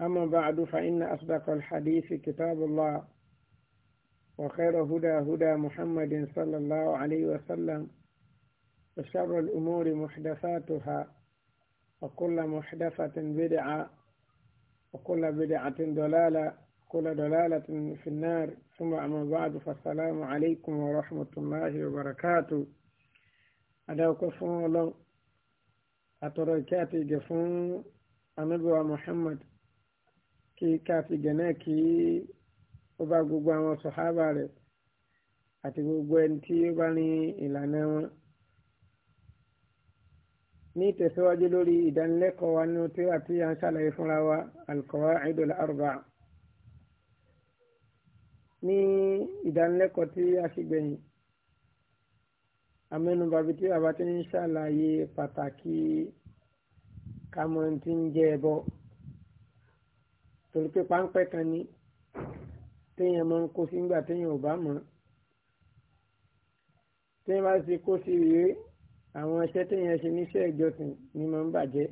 أما بعد فإن أصدق الحديث كتاب الله وخير هدى هدى محمد صلى الله عليه وسلم وشر الأمور محدثاتها وكل محدثة بدعة وكل بدعة دلالة كل دلالة في النار ثم أما بعد فالسلام عليكم ورحمة الله وبركاته فون الله أتركاتي جفون أنبوى محمد kí káfíjẹ náà kí ó bá gbogbo àwọn sọ̀hábà rẹ̀ àti gbogbo ẹni tí ó bá ní ìlànà wọn. ní ìtẹ̀síwájú lórí ìdánilẹ́kọ̀ọ́ wa nínú tí àti à ń ṣàlàyé fúnra wa al-Qawa'id al-Arba'a. ní ìdánilẹ́kọ̀ọ́ tí a sì gbẹ̀yìn amẹ́nubà bíi tí a bá ti ń ṣàlàyé pàtàkì kámọ́ ti torí pé páńpẹ́ kan ní téèyàn máa ń kó sí nígbà téèyàn ò bá mọ̀ téèyàn bá ti kó sí rèé àwọn iṣẹ́ téèyàn ṣe níṣẹ́ ìjọsìn ni máa ń bàjẹ́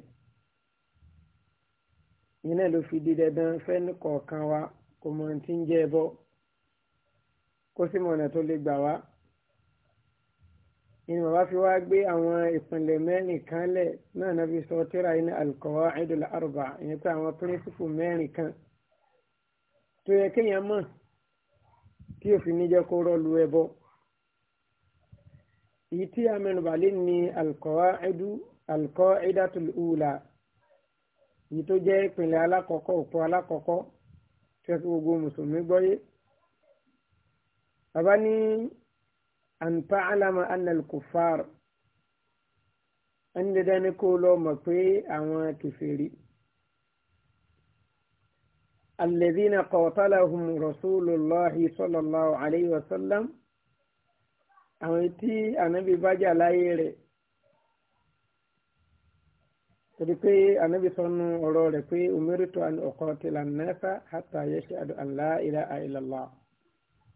yìí náà ló fi di dandan fẹ́ni kọ̀ọ̀kan wa kò mọ̀ ní ti ń jẹ́ ẹbọ kó sì mọ̀ tó lè gbà wá ni bàbá fi wá gbé àwọn ìpínlẹ̀ mẹ́rin kan lẹ̀ náà náà fi sọ tíra yìí ní al-qawa'idul arba'a ìyẹn pé àwọn píríncípù mẹ́rin kan tó yẹ kéèyàn mọ̀ tí òfin ní jẹ́ kó rọ́ọ̀lù ẹbọ èyí tí a mẹ́nubà lé ní al-qawa'idu al-qa'idatul ula èyí tó jẹ́ ìpínlẹ̀ alákọ̀ọ́kọ́ òpó alákọ̀ọ́kọ́ tí wọ́n fi gbogbo mùsùlùmí gbọ́yé bàbá ní an ta'alama anna al-kuffar ẹni dandan ni kó lọ mọ̀ pé àwọn kèfèrí alladhina qatalahum rasulullahi sallallahu alayhi wa sallam àwọn tí ànábì bá jà láyé rẹ̀ torí pé ànábì sọnù ọ̀rọ̀ rẹ̀ pé umirtu an uqatila an-nasa hatta yashhadu an la ilaha illallah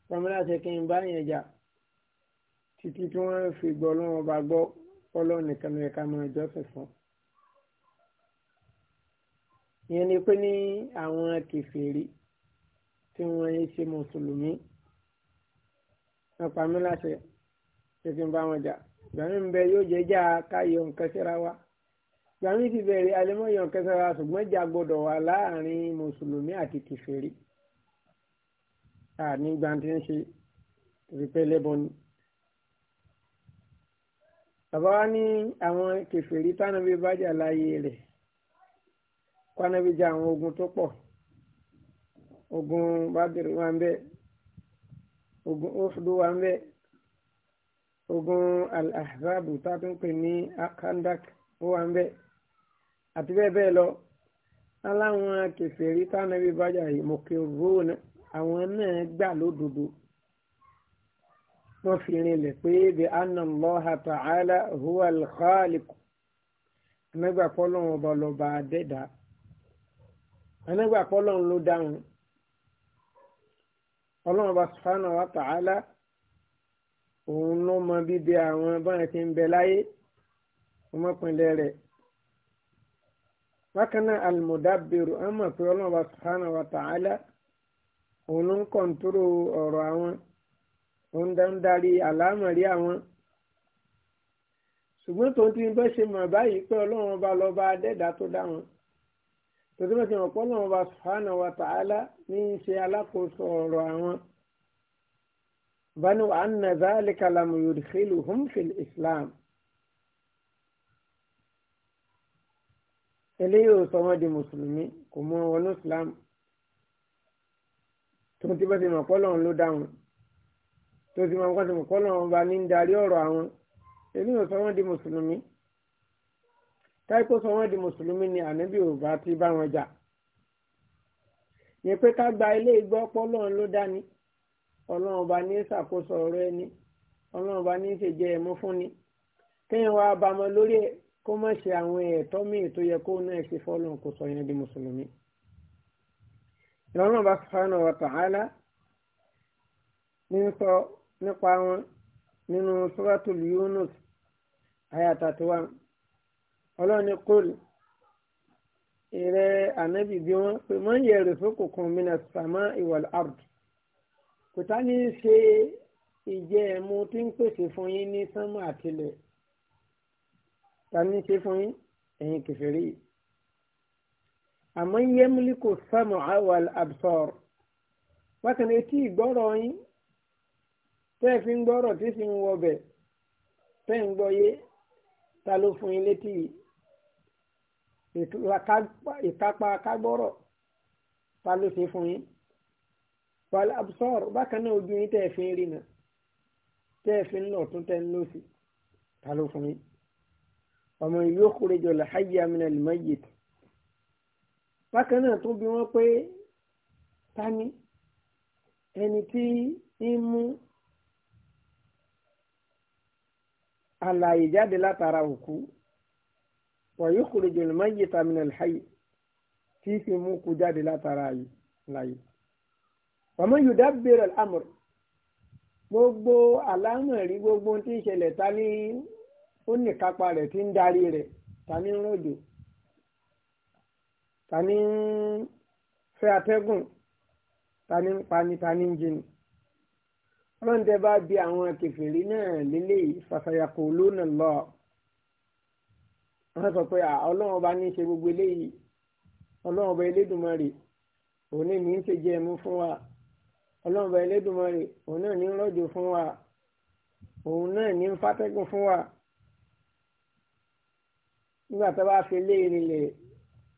pàmílà ṣe kí n bá yẹn jà títí tí wọ́n fi gbọ́ ọlọ́run ọba gbọ́ ọlọ́run nìkan ló yẹ ká ìyẹn ni pé ní àwọn kèfèrí tí wọ́n ń ṣe mùsùlùmí wọ́n pa mí láṣẹ ṣe kí n bá wọn jà gbàmí ń bẹ yóò jẹ́ jà ká yọ nǹkan síra wa gbàmí ti bẹ̀rẹ̀ alẹ́mọ́ yọ nǹkan síra wa ṣùgbọ́n jà gbọ́dọ̀ wà láàrin mùsùlùmí àti kèfèrí àní gbàǹtí ń ṣe ìrìpẹ́ lẹ́bọn ni bàbá wa ní àwọn kèfèrí tánàbí bájà láyé rẹ̀ kwanabi jà àwọn ogun tó pọ̀ ogun bádìrì wà ń bẹ ogun ofudu wà ń bẹ ogun al-ahzabu tátúnpè ní kandak wà ń bẹ àti bẹ́ẹ̀ bẹ́ẹ̀ lọ aláwọn kèfèrí tánàbí bájà yìí mọ̀kẹ́ ògbóhùn àwọn náà gbà lódodo wọ́n fi rinlẹ̀ pé bí anna Allaha ta'ala huwa al-khaliq anagba kọlọ́n ọba lọ́ba adẹ́dá anagba kọlọ́n ló dáhùn ọlọ́run ọba subhanahu wa ta'ala òun ló mọ bíbi àwọn báyìí ti ń bẹ láyé ọmọkùnrin rẹ̀ bákan náà al ọmọ pé ọlọ́run ọba subhanahu wa ta'ala òun ló ń kọ̀ǹtúrò ọ̀rọ̀ àwọn òun dá ń darí àlámọ̀rí àwọn ṣùgbọ́n tòun ti bẹ́ ṣe mọ̀ báyìí pé ọlọ́run ọba lọ́ba adẹ́dá tó dá wọn tòun ti bẹ́ ṣe mọ̀ pé ọlọ́run ọba subhanahu wa ta'ala ní í ṣe alákòóso ọ̀rọ̀ àwọn bani wa anna zalika lam yudkhiluhum fil islam eléyìí ò sọ wọn di mùsùlùmí kò mú wọn wọnú islam tòun ti bẹ́ ṣe mọ̀ pé ọlọ́run ló dá wọn tó ti máa ń kọ́sìmù kọ́nà ọba ní ń darí ọ̀rọ̀ àwọn èmi ò sọ wọ́n di mùsùlùmí táìpó sọ wọ́n di mùsùlùmí ni ànábì ò bá ti bá wọn jà yẹn pé ká gba ilé ìgbọ́ pọ́lọ́run ló dání ọlọ́run ọba ní ṣàkóso ọ̀rọ̀ ẹni ọlọ́run ọba ní ṣèjẹ́ ẹ̀mú fúnni kéèyàn wá bámọ lórí ẹ̀ kó má ṣe àwọn ẹ̀tọ́ míì tó yẹ kó náà ṣe fọ́lọ́run kó sọ yẹn di mùsùlùmí ìrọ̀lọ́run ọba subhanahu wa ta'ala ní sọ nípa wọn nínú suratul Yunus àyà thirty one ọlọ́run ní kóòlù ìrẹ́ ànábì bí wọ́n pè mọ́ ń yẹ̀rù fókùnkùn minas sama iwal ard kò tá ní í ṣe ìjẹ́ ẹ̀mú tí ń pèsè fún yín ní sánmà àtìlẹ̀ ta ní ṣe fún yín ẹ̀yin kẹfẹ́rí yìí àmọ́ yẹ́múlíkù sama awal absor bákan etí ìgbọ́rọ̀ yín tẹ́ ẹ fi ń gbọ́rọ̀ tí sì ń wọbẹ̀ tẹ́ ń gbọ́yé ta ló fún yín létí ìkápá kágbọ́rọ̀ ta ló ṣe fún yín wàhálà absor bákan náà ojú yín tẹ́ ẹ fi ń rìnà tẹ́ ẹ fi ń lọ tún tẹ́ ń lọ sí ta ló fún yín ọmọ ìlú òkúrejò làháyé amínàlì mayyit bákan náà tó bí wọ́n pé ta ẹni tí ń mú àlàyé jáde látara òkú wọ̀nyí kùrìjì lùmọ́yì tàmínàlì hayì tí fi mú kú jáde látara àlàyé. wọ́n mú yùdá bèrè amúr gbogbo àlámọ̀rí gbogbo tí ń ṣẹlẹ̀ ta ní ó ní kápá rẹ̀ tí ń darí rẹ̀ ta ní rọ̀jò ta ní fẹ́ atẹ́gùn ta ní pani ta ní jìnnì ọlọ́run tẹ bá bi àwọn kẹfìrí náà lélẹ́yìí fàfàyàkọ̀ lónà lọ wọ́n sọ pé ọlọ́run ọba ní í ṣe gbogbo eléyìí ọlọ́run ọba elédùnmarè òun ní ní í ṣe jẹ ẹmu fún wa ọlọ́run ọba elédùnmarè òun náà ní ń rọ̀jò fún wa òun náà ní ń fátẹ́gùn fún wa nígbà tó bá fi léèrè lẹ̀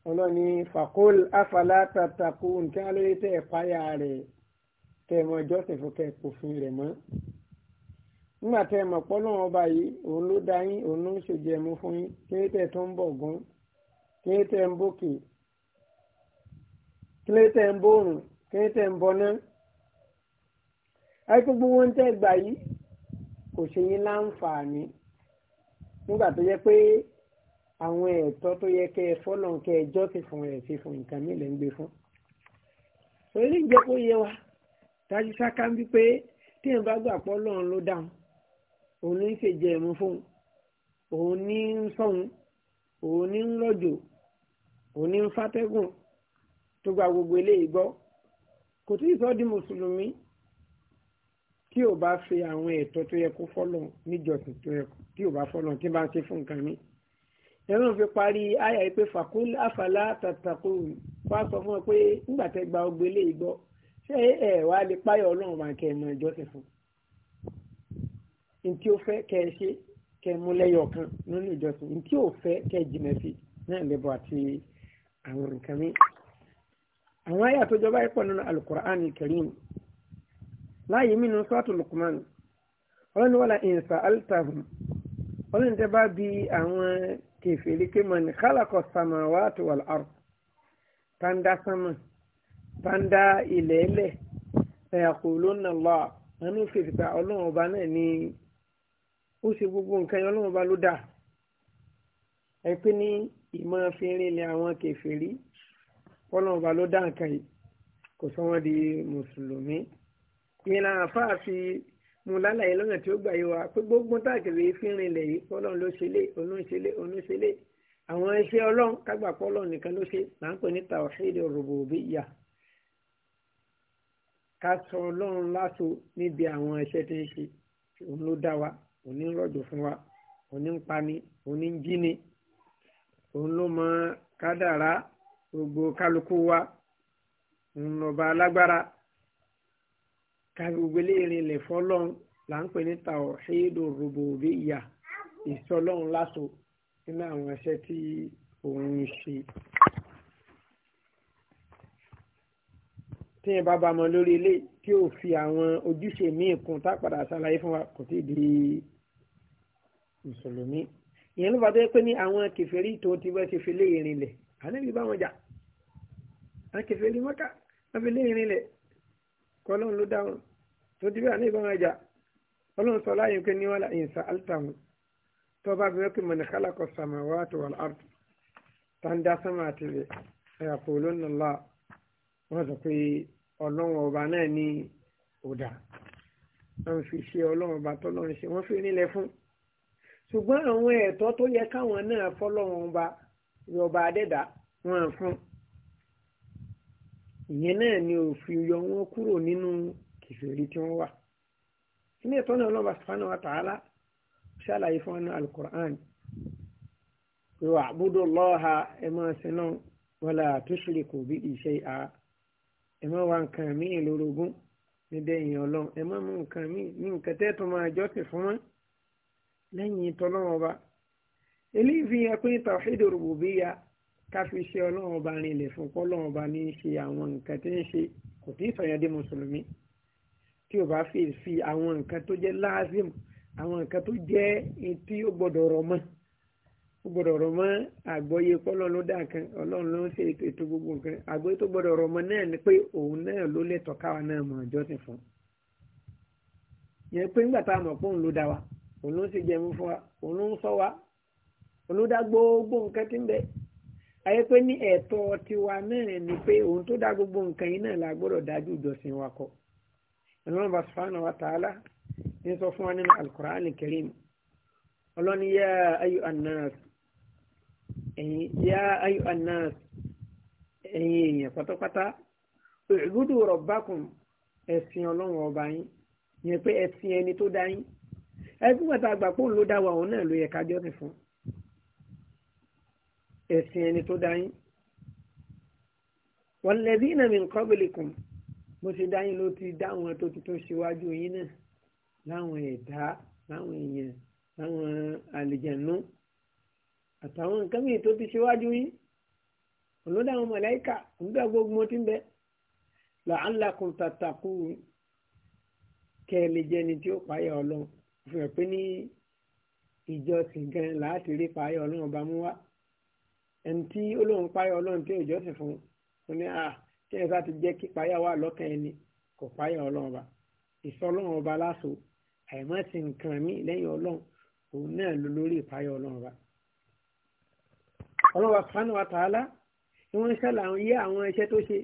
ọlọ́run ní fàkóòl afàlà tàtàkùn kí wọ́n lóye tẹ̀ ẹ̀páyà rẹ̀ kẹ́ ẹ mọ ìjọsìn fún kẹ́ ẹ kò fún rẹ̀ mọ́ nígbà tẹ́ ẹ mọ̀ pọ́ lọ́wọ́ ọba yìí òun ló dá yín òun ló ń ṣèjẹ̀mú fún yín kí ní tẹ́ ẹ tó ń bọ̀ gún kí ní tẹ́ ẹ ń bókè kí ní tẹ́ ẹ ń bòrùn kí ní tẹ́ ẹ ń bọ́ná ẹ kó gbogbo ń tẹ́ gbà yìí kò ṣe yín láǹfààní nígbà tó yẹ pé àwọn ẹ̀tọ́ tó yẹ kẹ́ ẹ fọ́lọ́n kẹ́ ẹ fún ẹ̀ sí fún nǹkan mílẹ̀ ń gbé fún. orí ìjẹ́kó yẹ wa tájú sáká ń bí pé téèyàn bá gbà pọ́ lọ́run ló dáhùn òun ní í ṣèjẹ ẹ̀mú fóun òun ní ń sọ̀hún òun ní ń rọ̀jò òun ní ń fátẹ́gùn tó gba gbogbo eléyìí gbọ́ kò tí ì sọ́ di mùsùlùmí tí ò bá fi àwọn ẹ̀tọ́ tó yẹ kó fọ́lọ̀ níjọsìn tó yẹ tí ò bá fọ́lọ̀ tí bá ń ṣe fún nǹkan mi. ẹ̀rọ fi parí àyà yìí pé fàkúl àfàlà tàtàkùn wá sọ fún ọ pé ńgbà tẹ́ gba ọgbẹ́ eléyìí gbọ́ ṣé ẹ wá lè páyọ̀ ọlọ́run máa kẹ́ ẹ mọ ìjọsìn fún ní tí ó fẹ́ kẹ́ ẹ ṣe kẹ́ ẹ mú lẹ́yọ̀ kan nínú ìjọsìn ní tí ò fẹ́ kẹ́ ẹ jìnà sí náà lẹ́bọ̀ àti àwọn nǹkan mi. àwọn àyà tó jọba ẹ̀pọ̀ nínú alukur'an karim láàyè mí nínú sọ́ọ̀tù lukman ọlọ́ni wàlà ìǹsà altahum ọlọ́ni tẹ́ bá bi àwọn kẹfẹ́ lé kémọ̀ ní kálákọ̀ tó wà lárù tàǹdà sàmáwá bá ń dá ilẹ̀ ẹlẹ̀ ẹ̀yàkó lónà lọ àánú fèsì pa ọlọ́run ọba náà ni ó ṣe gbogbo nǹkan yẹn ọlọ́run ọba ló dà ẹ pé ní ìmọ̀ fínrin ni àwọn kèfèrí ọlọ́run ọba ló dá nǹkan yìí kò sọ wọ́n di mùsùlùmí ìyẹn àfáà fi mo lálàyé lọ́nà tí ó gbà yí wa pé gbogbo táàkiri fínrin ilẹ̀ yìí ọlọ́run ló ṣe lé òun ṣe lé òun ṣe lé àwọn iṣẹ́ ọlọ́run kágbàpọ̀ ọlọ́run nìkan ló ṣe là ń pè ní tàwọ́ṣẹ́dẹ̀ rògbòbí yà ká sọ ọlọ́run láṣo níbi àwọn iṣẹ́ tí ń ṣe òun ló dá wa òun ní rọ̀jò fún wa òun ní ń pani òun ní ń jíni òun ló mọ kádàrá gbogbo kálukú wa òun lọ́ba alágbára ká gbogbo eléyìí lè fọ́lọ́run là ń pè ní tawhidu rububiyyah ìsọlọ́run láṣo nínú àwọn iṣẹ́ tí òun ṣe. téèyàn bá bá mọ lórí ilé tí ò fi àwọn ojúṣe míì kún tá padà ṣàlàyé fún wa kò tí ì di mùsùlùmí ìyẹn ló bá dé pé ní àwọn kèfèrí tó ti bá ti fi lé ìrìn lẹ̀ ànábì bá wọn jà àwọn kèfèrí mọ́ká wọ́n fi lé ìrìn lẹ̀ kọ́ lóun ló dá wọn tó ti bí ànábì bá wọn jà ọlọ́run sọ láyé pé ní wọ́n láyé sa altahun tó bá fi wọ́n pé mọ̀nà kálákọ̀ samawati wal ard tá ń dá sánmà àti rẹ̀ ẹ̀yà kò lónà láà wọ́n sọ pé ọlọ́run ọba náà ní ọ̀dà wọ́n fi ṣe ọlọ́run ọba tọ́lọ́run ṣe wọ́n fi nílẹ̀ fún ṣùgbọ́n àwọn ẹ̀tọ́ tó yẹ káwọn náà fọlọ́run ọba yọba adẹ́dà wọn fún ìyẹn náà ni òfin yọ wọn kúrò nínú kìfìrí tí wọ́n wà ilé ẹ̀tọ́ náà ọlọ́run sàfánà wa tààlà ṣàlàyé fún wọn ní alukur'an yóò àbúdó lọ́ha ẹ̀ máa ṣe náà wala tushriku bihi shay'a ẹ má wá nǹkan míì lórogún níbẹ̀ yẹn ọlọ́run ẹ má mú nǹkan míì ní nǹkan tẹ́tù máa jọ́ sí fún wọn lẹ́yìn tọ́lọ́run ọba eléyìí fi hàn pé tàwíìdì rùbùbíyà ká fi ṣe ọlọ́run ọba rinlẹ̀ fún pọ́lọ́run ọba ní ṣe àwọn nǹkan tí ń ṣe kò tí ì sọ̀yàn dé mùsùlùmí tí o bá fi fi àwọn nǹkan tó jẹ́ láàzìm àwọn nǹkan tó jẹ́ tí ó gbọ́dọ̀ rọ̀ mọ́ ó gbọ́dọ̀ rọ̀ mọ́ àgbọ́yé pọ́lọ́n ló dá nǹkan ló ń ṣe ètò gbogbo nǹkan àgbọ́yé tó gbọ́dọ̀ rọ̀ mọ́ náà ni pé òun náà ló káwa náà ti fún yẹn pé nígbà tá wa òun ló ń ṣe jẹun fún wa òun gbogbo nǹkan ti ń bẹ ayé pé ní ẹ̀tọ́ tiwa náà ni pé òun tó dá gbogbo nǹkan yìí náà la gbọ́dọ̀ dájú ìjọsìn wa kọ ẹ̀yin yá ayọ̀ àná ẹ̀yin èèyàn pátápátá ìgbúdù rọ̀bákùn ẹ̀sìn ọlọ́run ọba yín yẹn pé ẹ̀sìn ẹni tó dá yín ẹgbẹ́ pàtó àgbà pò ń ló dá wa òun náà ló yẹ ká jọ́sìn fún ẹ̀sìn ẹni tó dá yín walladhina min qablikum bó ṣe dá yín ló ti dá wọn tó ti tún ṣíwájú yín náà láwọn ẹ̀dá láwọn èèyàn láwọn àlìjẹ̀nú àtàwọn nǹkan mìíràn tó ti ṣíwájú yín ọlọ́dà àwọn màláíkà nígbà gbogbo ti ń bẹ la'allakum tattaqun kẹ́ ẹ lè jẹ́ ẹni tí ó payà ọlọ́run fi hàn pé ní ìjọsìn gan láti rí payà ọlọ́run ọba mú wá ẹni tí olóhùn payà ọlọ́run tí ìjọsìn fún un ní à ah, kí ẹ sá ti jẹ́ kí payà wà lọ́kàn ẹni kò payà ọlọ́run ọba ìsọ ọlọ́run ọba láṣọ àìmọ́sìn nǹkan mí lẹ́yìn ọlọ́run òun náà ló lórí ìpayà ọlọ́run ọba ọlọ́wà sanu àtàlá ni wọ́n ń ṣàlàyé àwọn iṣẹ́ tó ṣe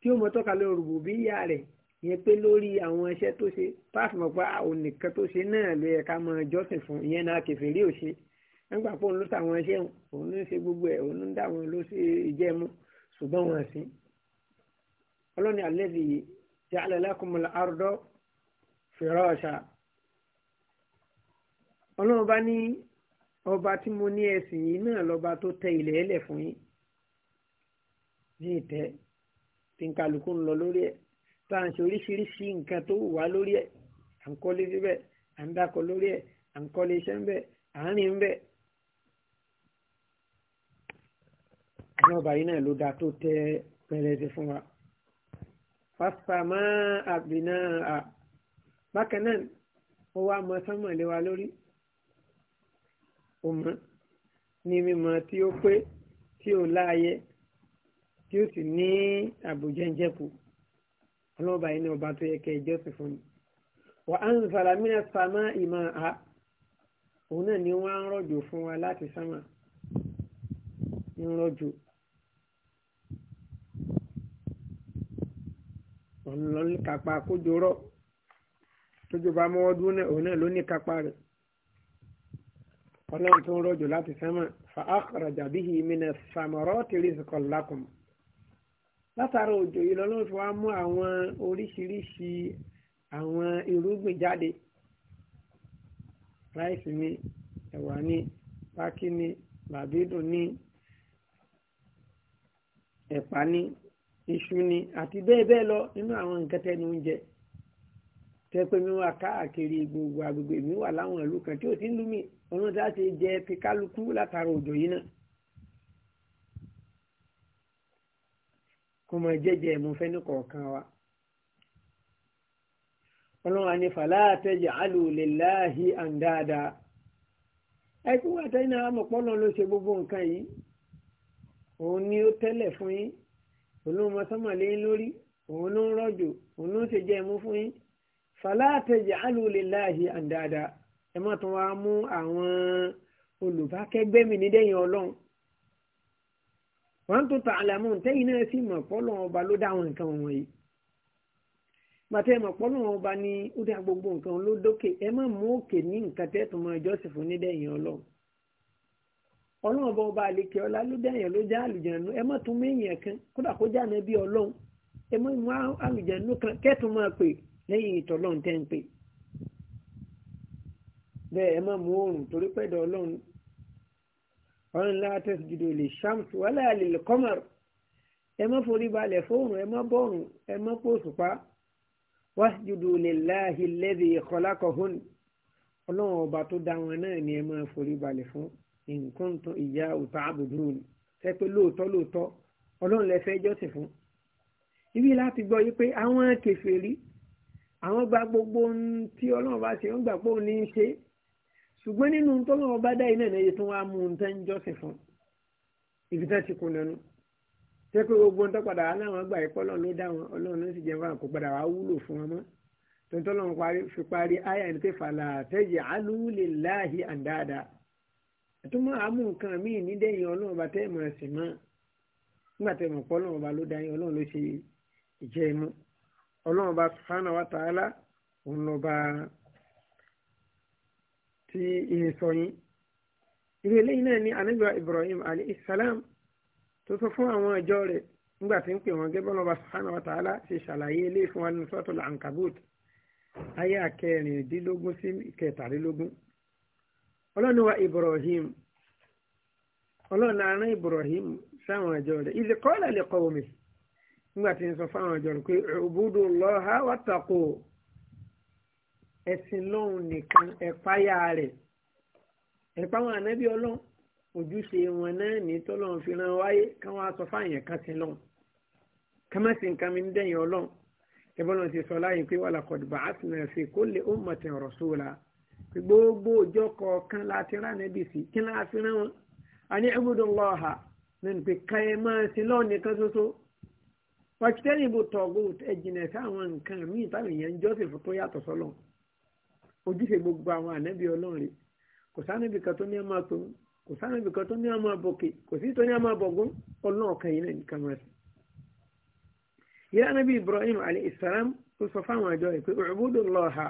tí ó mọ tọ́ka lórí rùbùbíyà rẹ̀ ìyẹn pé lórí àwọn iṣẹ́ tó ṣe páàfin ọ̀pá onìkan tó ṣe náà ló yẹ ká máa jọ́sìn fún ìyẹn náà kẹfìrí ò ṣe nígbà pé ló sàwọn iṣẹ́ òun ló ń ṣe gbogbo ẹ̀ òun ló ń dá wọn ló ṣe ìjẹ́mu ṣùgbọ́n wọn sí. ọlọ́ni alladhi ja'ala lakumul arda firasha ọlọ́run bá ní ọba tí mo ní ẹ̀sìn yìí náà lọ́ba tó tẹ ilẹ̀ ẹlẹ̀ fún yín ní ìtẹ́ tí n kálukú ń lọ lórí ẹ̀ tá à ń ṣe oríṣiríṣi nǹkan tó wù wá lórí ẹ̀ à ń kọ́lé síbẹ̀ à ń dákọ lórí ẹ̀ à ń kọ́lé iṣẹ́ ńbẹ̀ à ń rìn ńbẹ̀. àwọn ọba yìí náà ló dáa tó tẹ pẹrẹsẹ fún wa. fásitàmọ́ àbìnà bákan náà ó wá mọ sánmọ̀lé lórí ó mọ́ ní mímọ̀ tí ó pé tí ó láàyè tí ó sì ní àbùjẹ́njẹ́kù ọlọ́ọ̀bà yìí ní ọba tó yẹ kẹ́ ìjọsìn fún mi. wà á ń zàrà mí sàmá ìmọ̀ a òun náà ni wọ́n á ń rọ̀jò fún wa láti sámà ń rọ̀jò. ọ̀nà lọ́nà kápá kójó rọ̀ tójó bá mọ́wọ́ dúró náà òun náà ló ní kápá rẹ̀ ọlọ́run tó ń rọ̀jò láti sánmà fa akhraja bihi mina samarati rizqan lakum látara òjò yìí lọ́lọ́run fi wá mú àwọn oríṣiríṣi àwọn irúgbìn jáde ráìsì ni ẹ̀wà ni pákí ni làbídù ni ẹ̀pà ni iṣu ni àti bẹ́ẹ̀ bẹ́ẹ̀ lọ nínú àwọn nǹkan tẹnu oúnjẹ tẹ́ pé mi wà káàkiri gbogbo agbègbè mi wà láwọn ìlú kan tí ò ti ń lú mi ọmọ tí a ti jẹ pikaluku látara òjò yìí náà kò mọ jẹjẹ mo fẹ́ ní kọ̀ọ̀kan wa ọlọ́run àni fàlà àtẹ̀jẹ̀ alùlélàhì àǹdáàdá ẹ kí wọ́n àtẹ̀yìn náà mọ̀ pọ́nlọ́n ló ṣe gbogbo nǹkan yìí òun ni ó tẹ́lẹ̀ fún yín òun ló yín lórí òun ló ń rọ̀jò òun ló ń ṣe jẹ́ ẹ̀mú fún yín fàlà àtẹ̀jẹ̀ alùlélàhì àǹdáàdá ẹ má tún wá mú àwọn olùbákẹ́gbẹ́ mi nídẹ̀yìn ọlọ́run wọ́n tó ta àlàmú tẹ́yìn náà sì mọ̀ pọ́lọ́ ọba ló dá àwọn nǹkan wọ̀nyí gbàtẹ́ mọ̀ pọ́lọ́ ọba ni ó dá gbogbo nǹkan ló dókè ẹ má mú òkè ní nǹkan tẹ́ tó máa jọ́sìn fún nídẹ̀yìn ọlọ́run ọlọ́run ọba ọba àlekè ọlá ló dẹ̀yìn ló já àlùjànnú ẹ má tún méyìn kan kódà kó já náà bí ọlọ́run ẹ má mú àlùjànnú kan kẹ́tùn máa pè lẹ́yìn ìtọ́lọ́run tẹ́ ń pè bẹ́ẹ̀ ẹ má mú oòrùn torí pẹ̀dọ̀ ọlọ́run ọ̀run ńlá tẹ̀síjúdò lè ṣàmùtù wálé àlè lè kọ́mọ̀r ẹ má forí balẹ̀ fóòrùn ẹ má bọ́ọ̀rùn ẹ má pòṣùpá wásìjúdò lè láàhì lẹ́dí ìkọlákọ̀hún ọlọ́run ọba tó dá wọn náà ni ẹ má forí balẹ̀ fún nǹkan tó ìyá òtá àbùdùn ẹ pé lóòótọ́ lóòótọ́ ọlọ́run lẹ fẹ́ jọ́sìn fún ibi láti gbọ́ yí pé àwọn kèfèrí àwọn gba gbogbo ohun tí ọlọ́run bá ṣe ń gbà pé òun ní í ṣe ṣùgbọ́n nínú tọ́lọ́wọ́ bá dá iná ẹ̀yẹ tó wá mú un tán jọ́sìn fún ibi tán ti kún lẹ́nu jẹ́ pé gbogbo tó padà wá láwọn gbà ẹ̀kọ́ lọ́n ló dá wọn ọlọ́run ló fún wá wúlò fún wọn mọ́ fi parí ayé ẹni pé fàlà àtẹ́jẹ́ láàhí àndáàdá àtúmọ̀ àmú nǹkan míì nídẹ̀yìn ọlọ́run bá tẹ́ ẹ̀sìn mọ́ nígbà ta'ala òun lọ́ba tí ìhè sọ yín irú eléyìí náà ni anagba Ibrahim alayhi salam tó sọ fún àwọn ìjọ rẹ̀ nígbà tí ń pè wọ́n gẹ́gẹ́ bọ́lá subhanahu wa ṣe ṣàlàyé eléyìí fún wa nínú ayé akẹrìndínlógún sí kẹtàlélógún Ibrahim ọlọ́ni aran Ibrahim sáwọn ìjọ nígbà tí ń sọ pé ẹ̀sìn lọ́hùn nìkan ẹ̀páyà rẹ̀ ẹ̀pá wọn ànábì ọlọ́run ojúṣe wọn náà ní tọ́lọ́run fi ran wáyé káwọn aṣọ fáyẹn kan sí lọ́hùn kámẹ́sì nǹkan mi ń dẹ̀yìn ọlọ́run ẹ̀bọ́n ti sọ láyé pé walaqad ba'athna fi kulli ummatin rasula gbogbo ọjọ́ kọ̀ọ̀kan láti rán ànábì sí kí náà fi rán wọn a ní ibudullaha nínú pé káyẹ máa sin lọ́ọ̀ nìkan ṣoṣo pàṣẹ tẹ́lẹ̀ ìbò ẹ̀jìnà sí àwọn nǹkan míì táwọn èèyàn ń jọ́sìn fún tó yàtọ̀ sọ́lọ́run ojúṣe gbogbo àwọn ànábì ọlọ́run rè kò sánàbì kan tó ní àmà tó kò sánàbì kan tó ní àmà bòkè kò sí tó ní àmà bọ̀gún ọlọ́run kan yìí náà ní kàmá sí. ìyá ànábì Ibrahim alayhi salam ó sọ fáwọn àjọ rẹ̀ pé u'budu Allaha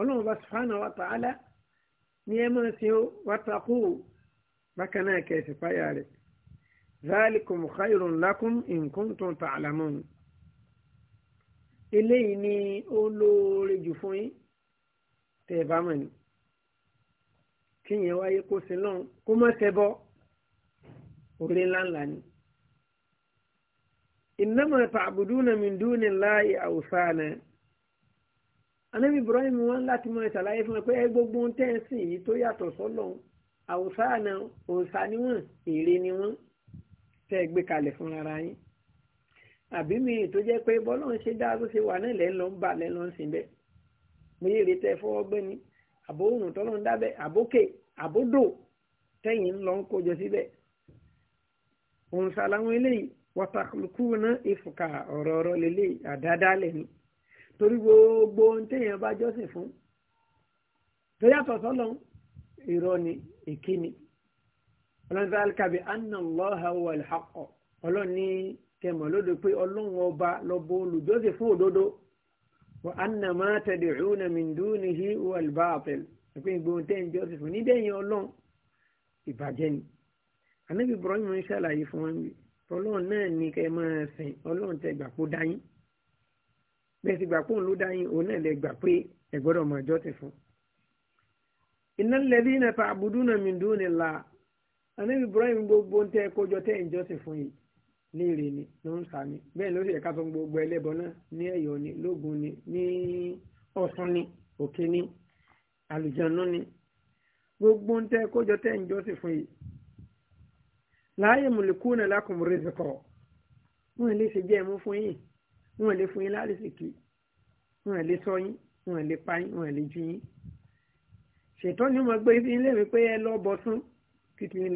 ọlọ́run bá subhanahu wa ta'ala ní ẹ máa sin ó wattaqu bákan náà kẹsì fáyà rẹ̀ zalikum khayrun lakum in kuntum ta'lamun eléyìí ni ó lóore jù fún yín tẹ́ ẹ bá mọ̀ ni kíyẹn wáyé kó sin lọ́hùn kó má ṣẹbọ orí ńláńlá ni. innama ta'buduna min dunillahi awsana anábì Ibrahim wọn láti mọ ìṣàlàyé fún ẹ pé gbogbo ohun tẹ́ ń sìn yìí tó yàtọ̀ sọ́lọ́hùn awsana òòṣà ni wọ́n ère ni wọ́n tẹ́ ẹ gbé kalẹ̀ fún ara yín àbí mi tó jẹ́ pé bọ́lọ́hún ṣe dáa tó ṣe wà náà lẹ́ńlọ́ ń bà lẹ́ńlọ́ ń sìn bẹ́ẹ̀ mèrè tẹ fọwọ́ gbẹ́ni àbóhùn tọ́lọ́ ń dábẹ́ àbókè àbódò tẹ́yìn ń lọ ń kójọ síbẹ̀ òun ṣàlàwọn eléyìí wọ́tàkùlùkù náà ìfùkà ọ̀rọ̀ ọ̀rọ̀ lélẹ̀ àdádálẹ̀ ni torí gbogbo ohun téèyàn bá jọ́sìn fún tó yàtọ̀ sọ́lọ́ irọ́ ni èké ni ọlọ́run alikabi anna Allaha wal haqq ọlọ́run ní kẹmọ̀ lódò pé ọlọ́run ọba lọ́bọ fún òdodo wa anna ma tad'una min dunihi wal batil pé gbogbo tẹ́ ń jọ́sìn fún nídẹ̀yìn ọlọ́run ìbàjẹ́ ni ànábì Ibrahim ń ṣàlàyé fún wọn bí ọlọ́run náà ní kẹ́ ẹ máa sìn ọlọ́run tẹ gbà pé ó dá yín bẹ́ẹ̀ sì gbà pé òun ló dá yín òun náà lẹ gbà pé ẹ ta'buduna min dunillah ànábì Ibrahim gbogbo tẹ́ kójọ tẹ́ ń jọ́sìn fún ní Ìrè ni ló ń sá ni bẹ́ẹ̀ ló sì ẹ̀ka tó ń gbogbo ẹlẹ́bọ náà ní Ẹ̀yọ́ ni lógun ni ní Ọ̀ṣun ni Òkè ni àlùjànnú ni gbogbo ń tẹ́ kójọ tẹ́ ń jọ́sìn fún yìí láàyè mùlùkù náà lákùnrin rìzìkọ̀ wọn lè ṣe jẹ́ ẹ̀mú fún yìí wọn lè fún yín lárísìkí wọn lè sọ yín wọn lè pa yín wọn lè ju yín ṣètọ́ ni mo gbé ilé mi pé ẹ lọ́ bọ̀ sún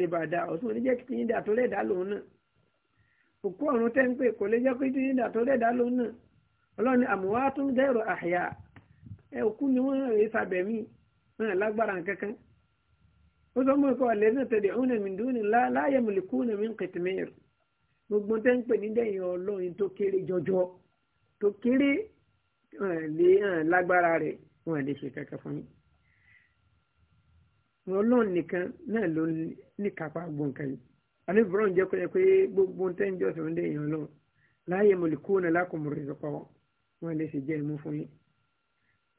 lè bàdá ọ̀tún òkú ọ̀run tẹ́ ń pè kò lè jẹ́ pé tí ìdà tó dẹ̀dá ló náà ọlọ́run ni àmúwá tún dẹ̀rọ àyà ẹ òkú ni wọ́n rèé sàbẹ̀mí wọn lágbára kankan ó sọ mọ́ ìkọ́ ọ̀lẹ́ náà tẹ̀lé òun nàmì dúró ní láàyè mùlìkú nàmì kìtìmẹ́r gbogbo tẹ́ ń pè ní dẹ́yìn ọlọ́run tó kéré jọjọ tó kéré lé lágbára rẹ̀ wọn lè ṣe kankan fún mi ọlọ́run nìkan náà ló ní kápá gbọ̀ǹkan yìí anibron jẹ́ kó yẹ pé gbogbo ntẹ́njọ́ sì ń dé èèyàn lọ láàyè mulkuna lakum rizqa wọn lè sì jẹ́ ìmú fún yín.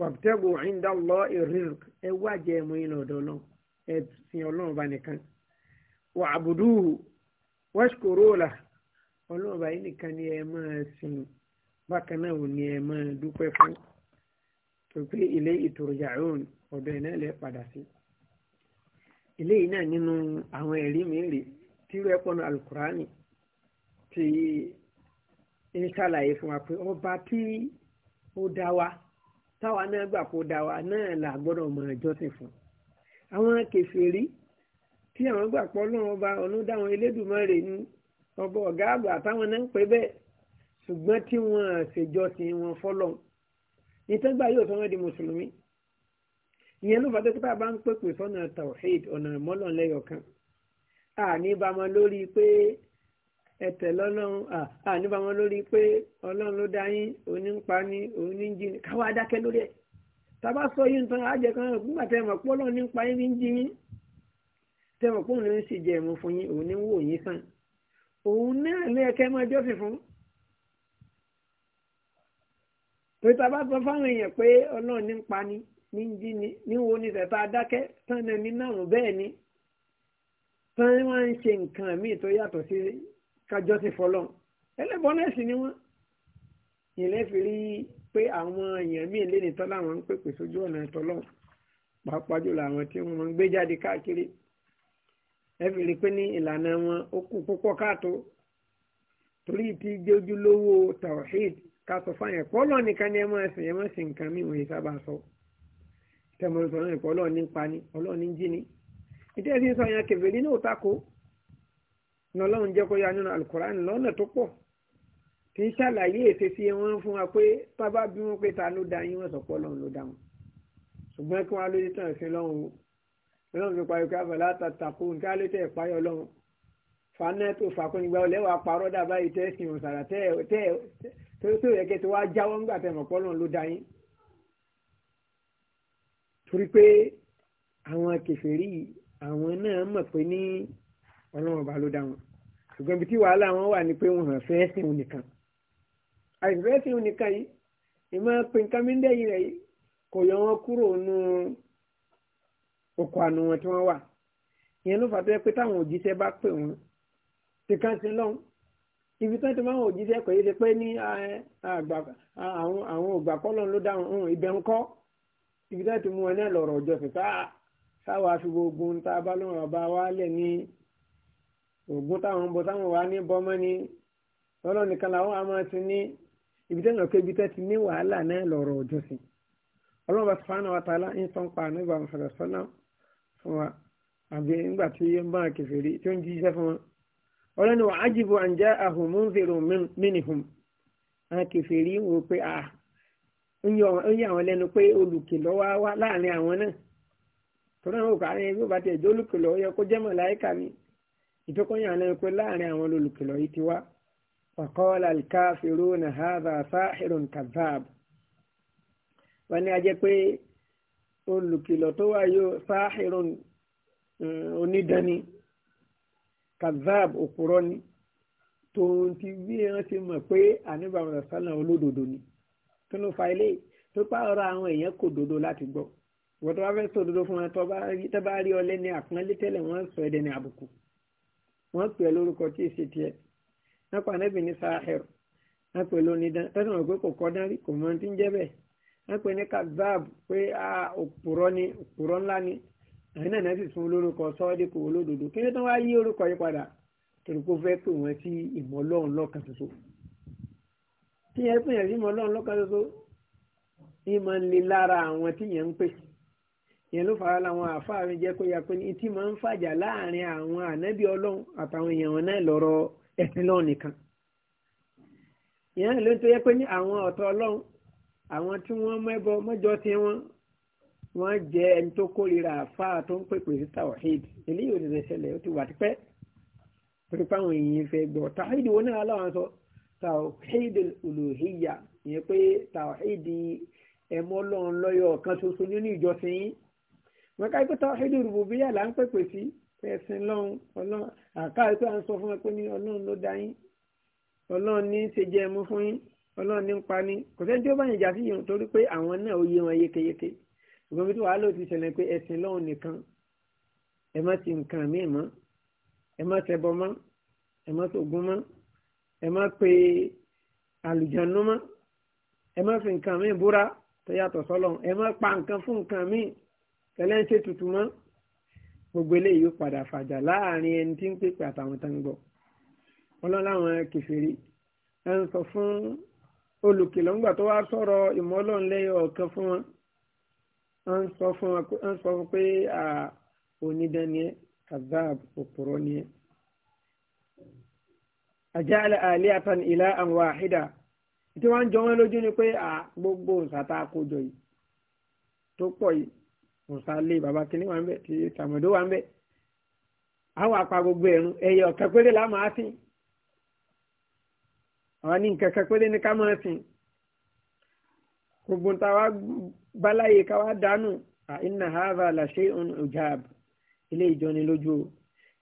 wabtagu inda Allahi rizq ẹ wá jẹ́ ìmú yín lọ́dọ̀ lọ ẹ sìn ọlọ́run bá nìkan. wa'buduhu washkuru lahu ọlọ́run bá yín nìkan ni ẹ máa sìn bákan náà ò ní ẹ máa dúpẹ́ fún. tó pé ilayhi ọ̀dọ̀ ẹ̀ padà sí. ilé yìí náà nínú àwọn ẹ̀rí mìíràn tírú ẹ̀pọ̀nà alukurani tí ń ṣàlàyé fún wa pé ọba tí ó dá wa táwa náà gbà kó dá wa náà là gbọ́dọ̀ mọ ìjọsìn fún àwọn kèfèrí tí àwọn gbà pọ̀ lọ́wọ́ ọba ọ̀nà dáwọn Elédùmarè ní ọba ọ̀gá àgbà táwọn náà ń pè bẹ́ẹ̀ ṣùgbọ́n tí wọ́n ṣèjọsìn wọn fọ́lọ́ ìtẹ́gbà yóò sọ wọ́n di mùsùlùmí ìyẹn ló fàdé pé tá a bá ń pèpè sọ́nà tawhid ọ̀nà mọ́lọ́nlẹ́yọ̀ kan àníbàmọ́ lórí pé ẹ̀tẹ̀ lọ́lọ́run àníbàmọ́ lórí pé ọlọ́run ló dá yín òní ń pa ní òní ń jí ní káwá dákẹ́ lórí ẹ̀ tàbá sọ yín nǹkan àjẹ kan nígbà tẹ́ mọ̀ pé ọlọ́run ní ń pa yín ní ń jí yín tẹ́ mọ̀ pé òun ní ń sì jẹ ẹ̀mú fún yín òun ní ń wò yín sàn òun náà ní ẹkẹ́ máa jọ́sìn fún. torí tàbá sọ fáwọn èèyàn pé ọlọ́run ní ń ní jí ní ní wo ni tẹ̀ta dákẹ́ tán náà náà bẹ́ẹ̀ ni tán wọ́n ń ṣe nǹkan míì tó yàtọ̀ sí kájọ́ sí fọlọ́n ẹlẹ́bọ náà sì ni wọ́n ìlẹ́ fi rí pé àwọn èèyàn míì lé nìtọ́ láwọn ń pèpè sójú ọ̀nà ìtọ́lọ́ pàápàá jùlọ àwọn tí wọ́n máa ń gbé jáde káàkiri ẹ fi rí pé ní ìlànà wọn ó kù púpọ̀ káàtó torí ti jójúlówó tawhid ká sọ fáyẹn pọ́lọ́ nìkan ni ẹ máa sìn ẹ máa sìn nǹkan míì wọ̀nyí sábà sọ tẹmọ̀sọ̀rọ̀ ìpọ́lọ́ ní pa ọlọ́ọ̀ ní jí ni ìdí ẹ̀sìn sọ yẹn kẹfẹ́rí náà tako nọlọ́run jẹ́ kó yá nínú alukurani lọ́nà tó pọ̀ tí ń ṣàlàyé ètè sí wọn fún wa pé bábá bí wọn pé ta ló da yín wọn sọ pé Ọlọ́run ló dá wọn ṣùgbọ́n kí wọn lóye tán sí lọ́run o Ọlọ́run fi parí káfà látàtàkù nǹkan á lè tẹ̀ páyọ lọ́run faná tó fàkúnigba ọlẹ́wà parọ́ dábàá yìí tẹ́sìn ọ̀sàrà tẹ́ tẹ́ tó yẹ kẹ́ tó wá jáwọ́ ńgbà tẹ̀ mọ̀ pé Ọlọ́run ló dá yín torí pé àwọn kèfèrí yìí àwọn náà mọ̀ pé ní ọlọ́run ọba ló dá wọn ṣùgbọ́n ibi tí wàhálà wọn wà ní pé wọn hàn fẹ́ ẹ̀sìn òun nìkan àìsàn ẹ̀sìn òun nìkan yìí ìmọ̀ pé nǹkan mi ń dẹ́yìn rẹ̀ yìí kò yọ wọn kúrò nù oko àánú wọn tí wọ́n wà ìyẹn ló fà tó yẹ pé táwọn òjíṣẹ́ bá pè wọ́n ti kàn sí lọ́hùn ibi tó ń ti máa ń òjíṣẹ́ kò yé ṣe pé ní àwọn ògbà kọ́ lọ́n ló dá wọn ibẹ̀ ń kọ́ ibi tó ń ti mú wọn náà lọ̀rọ̀ ọjọ́ fìfà sáwà fi gbogbo ohun tá a bá lọ́wọ́ ọba wa lẹ̀ ní ògùn táwọn ń bọ táwọn wà ní bọ́mọ́ ni ọlọ́nìkan làwọn àmọ́ ti ní ibi tẹ́ lọ́ọ́ pé tẹ́ ti ní wàhálà náà lọ́rọ̀ ọjọ́ sí ọlọ́run bá sọ́nà wa tààlà ń sọ́n pa àná ìbámu sọ̀rọ̀ sọ́nà fún wa àbí nígbà tí ó ń bá kẹfẹ́rí tó ń jíṣẹ́ fún wọn ọlọ́ni wà á jìbò àǹjá àhùn múnzèrò mínìhùn àwọn kẹfẹ́rí wò pé à ah, ń yọ àwọn lẹ́nu pé olùkìlọ́ wá wá láàrin àwọn náà torí àwọn òkà rẹ̀ bí ó bá tiẹ̀ jẹ́ olùkìlọ̀ ó yẹ kó jẹ́ màláíkà ni ìtọ́kọ̀yìn àná pé láàrin àwọn olùkìlọ̀ yìí ti wá wàkọ́ọ́lá al-kāfirūna hādhā sāḥirun kadhāb wọ́n ní a jẹ́ pé olùkìlọ̀ tó wá yóò sāḥirun mm, onídàáni kadhāb òpùrọ́ ni tòun ti bí wọ́n ti mọ̀ pé àníbàmọ̀ sálà olódodo ni kí ló fa ilé tó pààrọ̀ àwọn èèyàn kò dodo láti gbọ́ wọ́n tó bá fẹ́ sòdodo fún ẹ tó bá rí ọ lẹ́ni àpọ́nlé tẹ́lẹ̀ wọ́n sọ ẹ́ dẹni àbùkù wọ́n pè é lórúkọ tí èsì tiẹ̀ wọ́n pa anábì ní sahir wọ́n pè é lónídán tẹ́sán wọn pé kò kọ́ dárí kò mọ tí ń jẹ́ bẹ́ẹ̀ wọ́n pè é ní kazab pé òpùrọ́ ni òpùrọ́ ńlá ni àyìn náà náà sì fún lórúkọ sọ́ọ́dí kò olódodo kí ni tó wá yí sí ìmọ̀ ọlọ́run lọ́kàn ṣoṣo tí ìmọ̀ ń le lára àwọn tí yẹn ń pè sí ìyẹn ló fara láwọn àáfàá mi jẹ́ pé yàpé ní tí máa ń fàjà láàrin àwọn ànábì ọlọ́run àtàwọn èèyàn wọn náà lọ́rọ̀ ẹ̀sìn lọ́run nìkan ìyẹn ló ń tó yẹ pé ní àwọn ọ̀tọ̀ ọlọ́run àwọn tí wọ́n mẹ́bọ mọ́jọ tí wọ́n wọ́n jẹ́ ẹni tó kórìíra àáfàá tó ń pèpè sí tawhid eléyìí ò ní lè ṣẹlẹ̀ ó ti wà tipẹ́ torí pé àwọn èèyàn fẹ́ gbọ́ tawhid wo náà láwọn sọ tawhid uluhiyya ìyẹn pé tawhid ẹ̀mọ́ ọlọ́run lọ́yọ̀ kan ṣoṣo nínú ìjọsìn yìí wọn ká pé tọ́hídù rùbùbíyà là ń pèpè sí ẹ̀sìn lọ́hùn ọlọ́run àkáyọ̀ tó à ń sọ fún wa pé ní ọlọ́run ló dá yín ọlọ́run ní í ṣe jẹ́ ẹmu fún yín ọlọ́run ní ń pa ní kò sẹ́ni tí ó bá yẹn jà sí yẹn torí pé àwọn náà ó yé wọn yékéyéké ìgbọ́n mi tí wàhálà ti ṣẹlẹ̀ pé ẹ̀sìn lọ́hùn nìkan ẹ má ti nǹkan míì mọ́ ẹ má ṣẹbọ mọ́ ẹ má ṣògùn mọ́ ẹ má pe àlùjánu mọ́ ẹ má fi nǹkan míì búra tó yàtọ̀ sọ́lọ́hun kẹlẹ́ ṣe tuntun mọ́ gbogbo eléyìí yóò padà fàjà láàrin ẹni tí ń pèpè àtàwọn tó ń gbọ́ ọlọ́run láwọn kẹfìrí ẹ ń sọ fún olùkìlọ̀ ńgbà tó wá sọ̀rọ̀ ìmọ̀lọ́run lẹ́yìn ọ̀kan fún wọn ẹ ń sọ fún wọn ẹ ń sọ pé onídàáni ẹ kazab òpùrọ̀ ni ẹ. àjálẹ̀ àlẹ́ àtàn ìlà àwọn àhídà tí wọ́n ń jọ wọn lójú ni pé gbogbo nsàtà àkójọ yìí tó pọ̀ yìí musalli baba kini wà ń bẹ ti tàmọdó wà ń bẹ àwọn apá gbogbo ẹrun ẹyẹ ọkàn péré la máa sìn àwọn ní nǹkan kan péré ní ká máa sìn gbogbo ta wá báláyé ká wá dánù inna hadha la shay'un ujab ilé ìjọni lójú o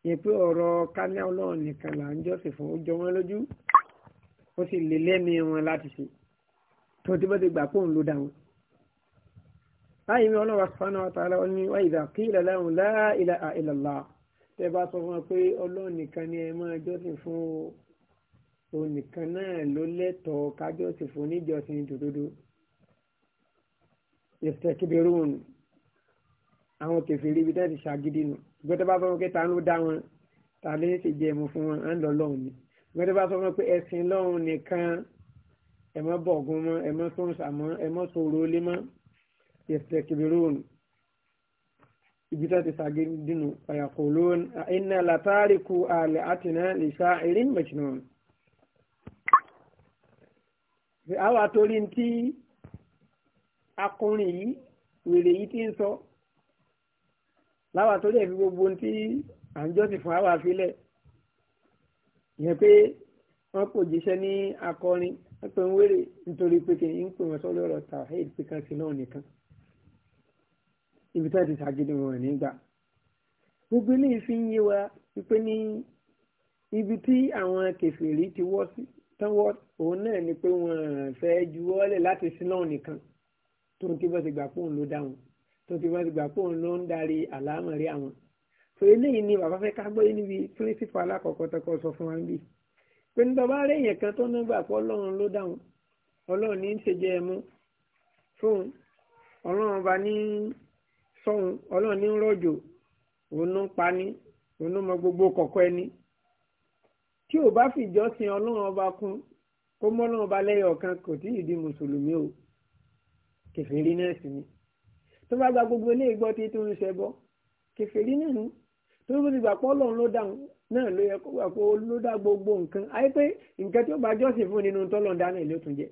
yẹn pé ọ̀rọ̀ kání ọlọ́run nìkan là ń jọ́sìn fún ó wọn lójú ó sì lè lẹ́mìí wọn láti ṣe tó ti bá ti gbà pòun ló dá wọn ayé mi ọlọ́wà sọ́nà ọ̀tàlá ó ní wáyé ìdàkí ìlàlá òun láìlà àìlàlá tẹ́ bá sọ fún wa pé ọlọ́run nìkan ni ẹ máa jọ́sìn fún òun nìkan náà ló lẹ́tọ̀ọ́ kájọ́sìn fún oníjọ́sìn dòdòdó yẹtẹkibirun àwọn kẹfìrí ibi tẹ́ ti ṣàgídí nù gbọ́dọ̀ bá sọ fún kẹta ló dá wọn ta ló ń ṣe jẹ ẹmu fún wọn à ń lọ lọ́hùn ni gbọ́dọ̀ bá sọ fún pé ẹ̀sìn yẹ̀sẹ̀kìbìrún ibi tó ti sàgérí dínú ọ̀yàkùlún àìnà látàríkù àlẹ́ àtìná lìṣà erin mẹ́jìnnà. àwọn àtòrí tí akùnrin yìí wèrè yìí ti ń sọ láwọn àtòrí ẹ̀fí gbogbo tí à ń jọ́sìn fún àwọn àfilẹ̀ ìyẹn pé wọ́n kò jíṣẹ́ ní akọrin wọ́n pè ń wéré nítorí pé kì í ń pè wọ́n sọ́lọ́rọ̀ tàwáhìd pé kan sí náà nìkan ibi tá ti ṣàgídí wọn nígbà gbogbo eléyìí fi ń yé wa wípé ní ibi tí àwọn kèfèrí ti wọ́ sí tánwọ́ òun náà ni pé wọ́n fẹ́ juwọ́lẹ̀ láti sílọ́ọ̀ nìkan tó ti bọ́ ti gbà pé òun ló dá wọn tó ti bọ́ ti gbà pé òun ló ń darí àlámọ̀rí àwọn so eléyìí ni bàbá fẹ́ ká gbọ́ níbi píríncípù alákọ̀ọ́kọ́ tó sọ fún wa níbí pé ní bàbá rẹ̀ yẹn kan tó nígbà pé ọlọ́run ló dá wọn ọlọ́run ní í ṣe jẹ́ ẹmú fóun ọlọ́run ọba ní sọ́hun ọlọ́run ní rọ̀jò òun ń pani òun ló mọ gbogbo kọ̀kọ́ ẹni tí ò bá fìjọsìn ọlọ́run ọba kún kó mọ́nà ọba lẹ́yọ̀ kan kò tí ì di mùsùlùmí o kẹfìrí náà sì ni tó bá gba gbogbo ilé ìgbọ́ tí tó ń ṣe bọ́ kẹfìrí náà ni tó bó ti gbà pọ́ ọlọ́run ló dáhùn náà ló yẹ kó gbà pé ló dá gbogbo nǹkan ayé pé nǹkan tí ó bá jọ́sìn fún nínú tọ́lọ̀ dáná ìlú tún jẹ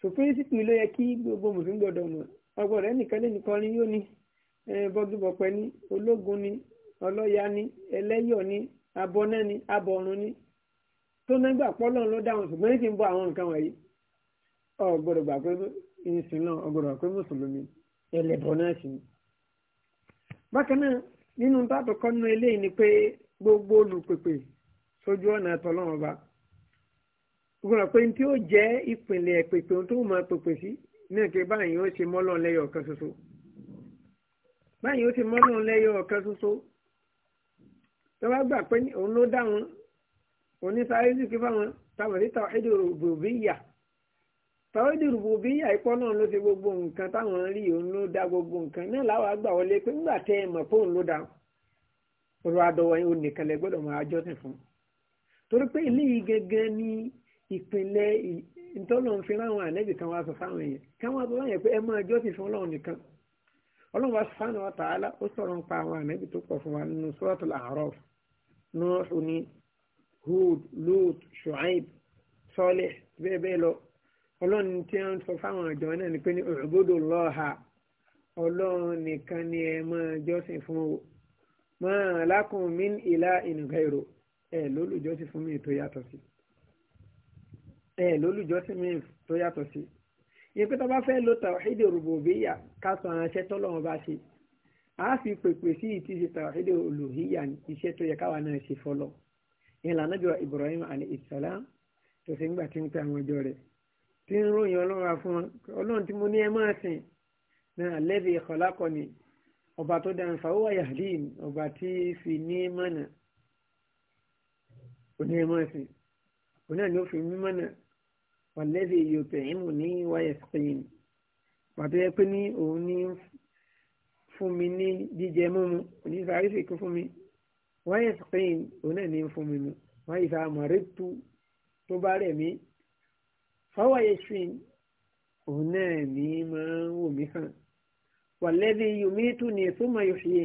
sòfin ọgbọrọ rẹ̀ nìkan lè nìkan rí yóò ní bọ́gìbọ̀pẹ́ ní ológun ní ọlọ́ya ní ẹlẹ́yọ̀ ní abọ́ná ní abọ̀run ní tó nígbà pọ́lọ́ ló dáhùn ṣùgbọ́n ní ti ń bọ àwọn nǹkan wọ̀nyí ọgbọ̀dọ̀ gbà pé ìsìn náà ọgbọ̀dọ̀ pé mùsùlùmí náà sì ni. bákan náà nínú tààtò ọba gbọ́dọ̀ pé ní tí ó jẹ́ ìpìlẹ̀ pèpè ohun tó náà pé báyìí ó ṣe mọ́lọ́n lẹ́yọ̀ ọ̀kan ṣoṣo báyìí ó ṣe mọ́lọ́n lẹ́yọ̀ ọ̀kan ṣoṣo tó bá gbà pé òun ló dá wọn onísáré sì kí fáwọn táwọn sí tàwáìdì rùbùbíyà tàwáìdì rùbùbíyà ipò náà ló ṣe gbogbo nǹkan táwọn rí òun ló gbogbo nǹkan náà láwọn àgbà wọlé pé tẹ ẹ mọ̀ pé òun ló dá yẹn gbọ́dọ̀ máa jọ́sìn fún torí pé gẹ́gẹ́ ntọ́lọ́ ń fi ráwọn ànẹ́bì kan wá sọ fáwọn èèyàn káwọn àbọ̀ wáyẹn pé ẹ máa jọ́sìn fún ọlọ́run nìkan ọlọ́run wa sùfàánù wa tààlà ó sọ̀rọ̀ ń pa àwọn ànẹ́bì tó pọ̀ fún wa nínú suratul A'raf Nuhu ni Hud Lut Shu'aib Salih bẹ́ẹ̀ bẹ́ẹ̀ lọ ọlọ́run tí wọ́n sọ fáwọn àjọ náà ni pé ní u'budu Allaha ọlọ́run nìkan ni ẹ máa jọ́sìn fún ẹ lólùjọ́sìn mi tó yàtọ̀ sí ìyẹn pé tó bá fẹ́ lo tawhid rububiyya ká sọ àwọn iṣẹ́ tọ́lọ́run bá ṣe a fi pèpè sí ìtì ṣe tawhid uluhiyya iṣẹ́ tó yẹ káwa náà ṣe fọlọ́ ìyẹn lànà jọ Ibrahim ali salam tó ṣe nígbà tí ń pẹ́ àwọn ọjọ́ rẹ̀ tí ń ròyìn ọlọ́run àfún ọlọ́run tí mo ní ẹ máa sìn náà lẹ́bi ìkọlákọ ni ọba tó dáhùn fàwọ́ yahdin ọba tí fi ní mọ̀nà onímọ̀ sìn oní àná ó fi mí mọ̀nà wàlẹ́dẹ̀ yòókè ìmù ní wáyé spain pàtó yẹ pé ní òun ní fún mi ní jíjẹ mímu òní sàrísì kún fún mi wáyé spain òun náà ní fún mi mu wáyé sàmọ̀rẹ́tù tó bá rẹ̀ mí fáwáyé spain òun náà ní máa ń wò mí hàn wàlẹ́dẹ̀ yomi tún ní súnmọ́ yòókè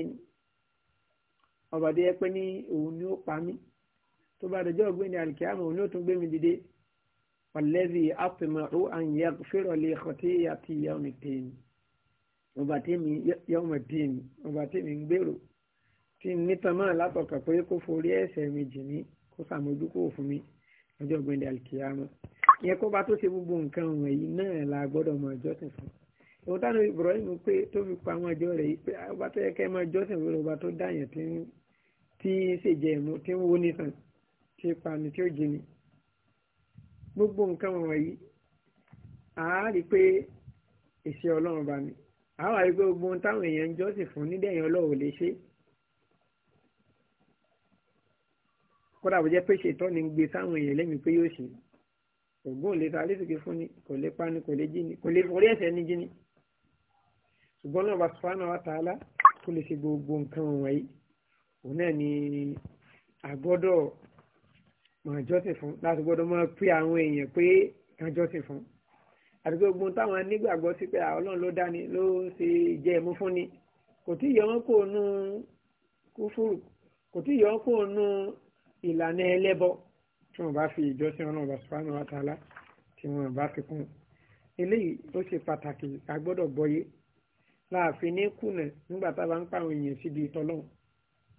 ọ̀bàdé yẹ pé ní òun ní ó pa mí tó bá dọjọ́ ògbéni àlìkíyàmọ̀ òun ní ó tún gbé mi dìde wàlẹ́bí àtìmọ̀rú àyẹ̀ fẹ́rọ̀lẹ́ ìkọ̀tí àti yọmi dín ọba tèmi yọmi dín ọba tèmi ń gbèrò tí nítamọ́ látọ̀kọ̀ pé kó forí ẹ̀ṣẹ̀ mi jì mí kó sàmójúkò fún mi ọjọ́ gbẹ̀ndẹ̀ alikiyama ìyẹn kó bá tó ṣe gbogbo nǹkan wọ̀nyí náà la gbọ́dọ̀ mọ ìjọsìn fún ìwọ́n táwọn Ibrahim pé tó fi pa àwọn ọjọ́ rẹ̀ yìí pé ọba tó yẹ kẹ́ mọ ìjọsìn fún ọba tó dáyàn tí ń ṣèjẹ́ ìmú tí ń wó nìkan tí ń pa ni tí ó jí ni gbogbo nǹkan wọ̀nyí a rí pé iṣẹ́ ọlọ́run bá mi a wà rí pé gbogbo ohun táwọn èèyàn ń jọ́sìn fún nídẹ̀yìn ọlọ́run lè ṣe kódà bó jẹ́ pé ṣètọ́ ni ń gbé táwọn èèyàn lẹ́mìí pé yóò ṣe ògbóhùn lè ta fún ni kò lè pa ni kò lè jí ni kò lè forí ẹ̀sẹ̀ ní jí ni ṣùgbọ́n náà bàtú fáánà wa tààlà kó lè ṣe gbogbo nǹkan wọ̀nyí òun náà ni àgbọ́dọ̀ máa jọ́sìn fún láti gbọ́dọ̀ máa pé àwọn èèyàn pé kan jọ́sìn fún àti gbogbo táwọn nígbàgbọ́ sí pé ọlọ́run ló dání ló ṣe jẹ́ ẹ̀mú fún ni kò tí yọ wọn kò nu kúfúrù kò tí yọ wọn kò nu ìlànà ẹlẹ́bọ tí wọ́n bá fi ìjọsìn ọlọ́run bá subhanahu wa ta'ala tí wọ́n bá fi kún un eléyìí ó ṣe pàtàkì a gbọ́dọ̀ gbọ́yé láàfin ní kùnà nígbà tá ń pa àwọn èèyàn síbi ìtọ́lọ́run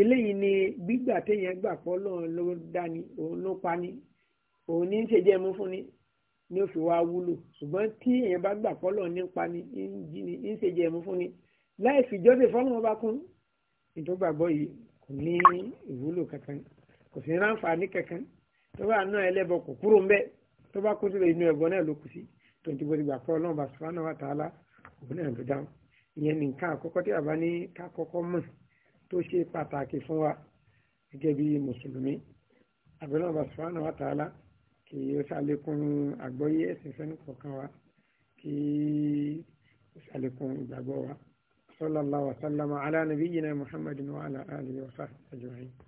eléyìí ni gbígbà téèyàn gbà pọ̀ lọ́run ló dání òun ló pa ní òun ní ṣèjẹ́ mú fún ni ni ó fi wá wúlò ṣùgbọ́n tí èèyàn bá gbà pọ̀ lọ́run ní pa ní ń ṣèjẹ́ mú fún ni láì fìjọ́sìn fọ́lọ́run bá kún ìdọ́gbàgbọ́ yìí kò ní ìwúlò kankan kò sí ráǹfààní kankan tó bá ná ẹlẹ́bọ kò kúrò ń bẹ́ tó bá kú sílẹ̀ inú ẹ̀bọ náà ló kù sí tòun bó ti gbà pọ̀ lọ́run bá sùfánà wà tààlà òun náà ló dáhùn ìyẹn nìkan àkọ́kọ́ tí bàbá ní ká kọ́kọ́ mọ̀ tó ṣe pàtàkì fún wa gẹ́gẹ́ bí mùsùlùmí àbẹ̀lẹ̀ ọba sùfàánù wa tààlà kí ó ṣàlékún àgbọ́yé ẹ̀sìn fẹ́ni kọ̀ọ̀kan wa kí ó ṣàlékún ìgbàgbọ́ wa sallallahu wa sallama ala nabiyyina muhammadin wa ala wa sahbihi